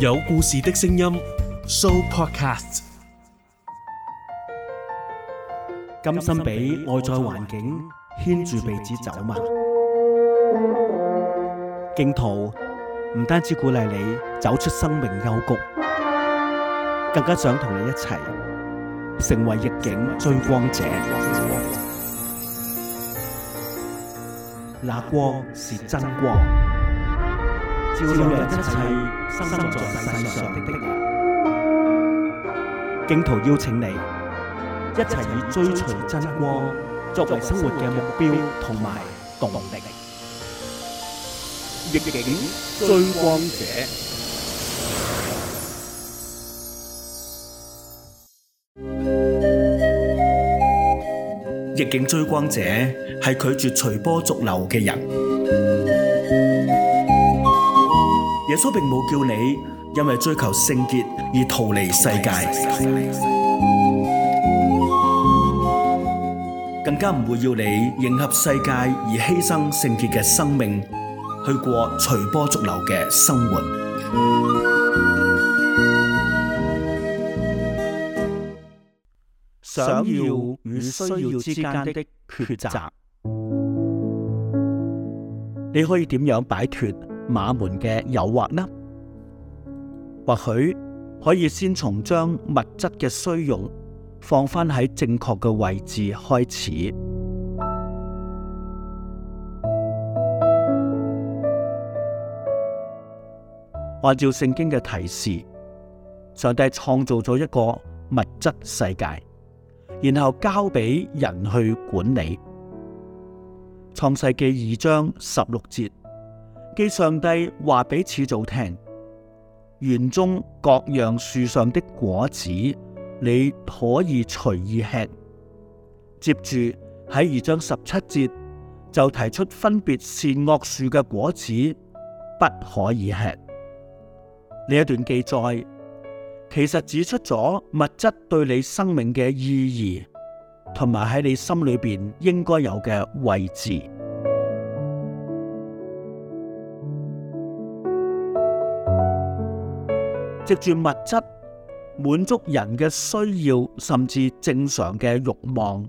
有故事的聲音，So Podcast。甘心俾外在環境牽住鼻子走嗎？荊徒唔單止鼓勵你走出生命幽谷，更加想同你一齊成為逆境追光者。那光是真光。照亮一切生在世上的人，荊徒邀請你一齊以追隨真光作為生活嘅目標同埋動力。逆境追光者，逆境追光者係拒絕隨波逐流嘅人。耶穌並冇叫你因為追求聖潔而逃離世界，更加唔會要你迎合世界而犧牲聖潔嘅生命，去過隨波逐流嘅生活。想要與需要之間的抉擇，你可以點樣擺脫？馬門嘅誘惑呢？或許可以先從將物質嘅需用放翻喺正確嘅位置開始。說按照聖經嘅提示，上帝創造咗一個物質世界，然後交俾人去管理。創世記二章十六節。記上帝話俾始祖聽，園中各樣樹上的果子你可以隨意吃。接住，喺二章十七節就提出分別善惡樹嘅果子不可以吃。呢一段記載，其實指出咗物質對你生命嘅意義，同埋喺你心裏邊應該有嘅位置。食住物質滿足人嘅需要，甚至正常嘅慾望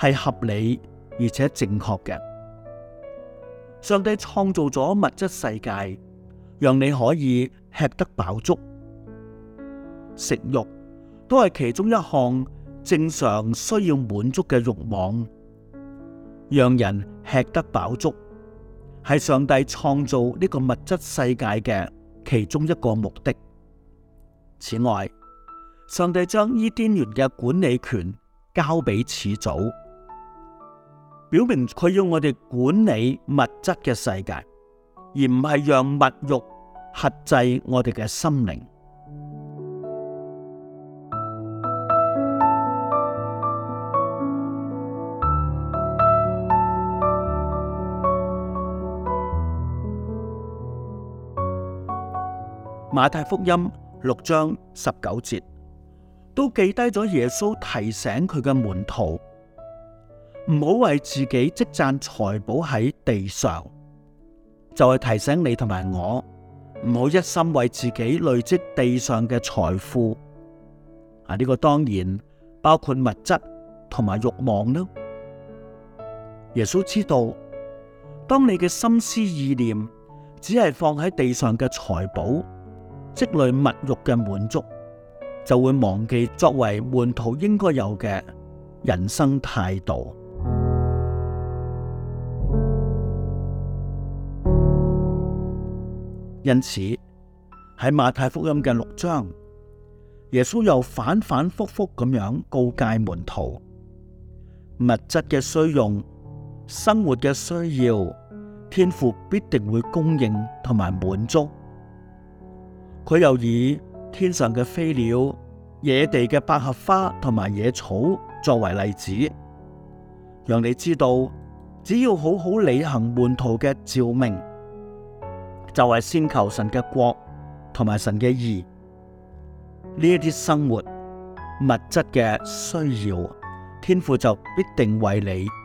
係合理而且正確嘅。上帝創造咗物質世界，讓你可以吃得飽足，食慾都係其中一項正常需要滿足嘅慾望，讓人吃得飽足係上帝創造呢個物質世界嘅其中一個目的。此外，上帝將伊甸園嘅管理權交俾始祖，表明佢要我哋管理物質嘅世界，而唔係讓物慾克制我哋嘅心靈。馬太福音六章十九節都記低咗耶穌提醒佢嘅門徒，唔好為自己積攢財寶喺地上，就係提醒你同埋我，唔好一心為自己累積地上嘅財富啊！呢個當然包括物質同埋欲望啦。耶穌知道，當你嘅心思意念只係放喺地上嘅財寶。積累物欲嘅滿足，就會忘記作為門徒應該有嘅人生態度。因此喺馬太福音嘅六章，耶穌又反反复复咁樣告誡門徒：物質嘅需用、生活嘅需要，天父必定會供應同埋滿足。佢又以天上嘅飛鳥、野地嘅百合花同埋野草作為例子，讓你知道，只要好好履行門徒嘅召命，就係、是、先求神嘅國同埋神嘅義，呢一啲生活物質嘅需要，天父就必定為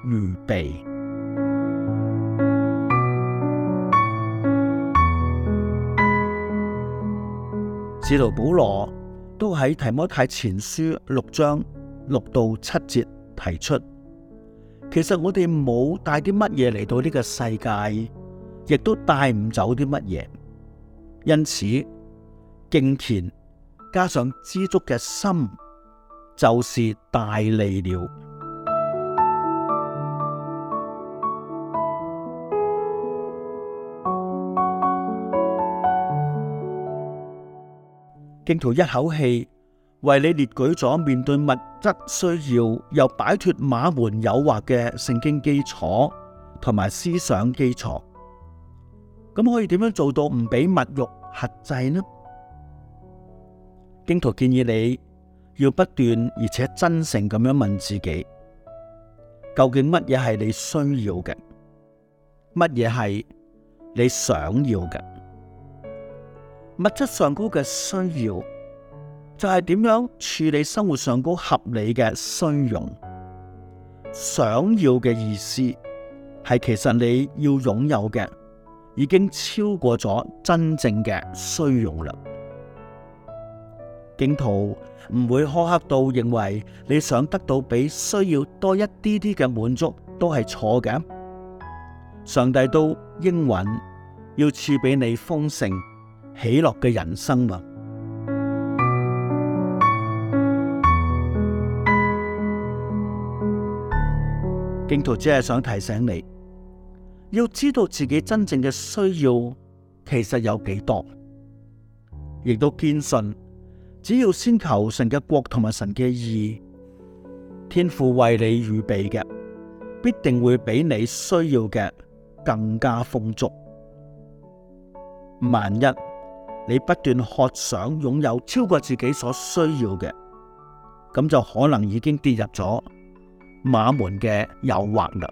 你預備。使徒保羅都喺提摩太前書六章六到七節提出，其實我哋冇帶啲乜嘢嚟到呢個世界，亦都帶唔走啲乜嘢，因此敬虔加上知足嘅心，就是大利了。荊徒一口氣為你列舉咗面對物質需要又擺脫瑪門誘惑嘅聖經基礎同埋思想基礎，咁可以點樣做到唔俾物欲克制呢？荊徒建議你要不斷而且真誠咁樣問自己，究竟乜嘢係你需要嘅，乜嘢係你想要嘅？物質上高嘅需要，就係、是、點樣處理生活上高合理嘅需用。想要嘅意思係，是其實你要擁有嘅已經超過咗真正嘅需用啦。荊徒唔會苛刻到認為你想得到比需要多一啲啲嘅滿足都係錯嘅。上帝都應允要賜俾你豐盛。喜樂嘅人生嘛，荊徒只係想提醒你，要知道自己真正嘅需要其實有幾多，亦都堅信，只要先求神嘅國同埋神嘅義，天父為你預備嘅必定會比你需要嘅更加豐足。萬一，你不斷渴想擁有超過自己所需要嘅，咁就可能已經跌入咗馬門嘅誘惑啦。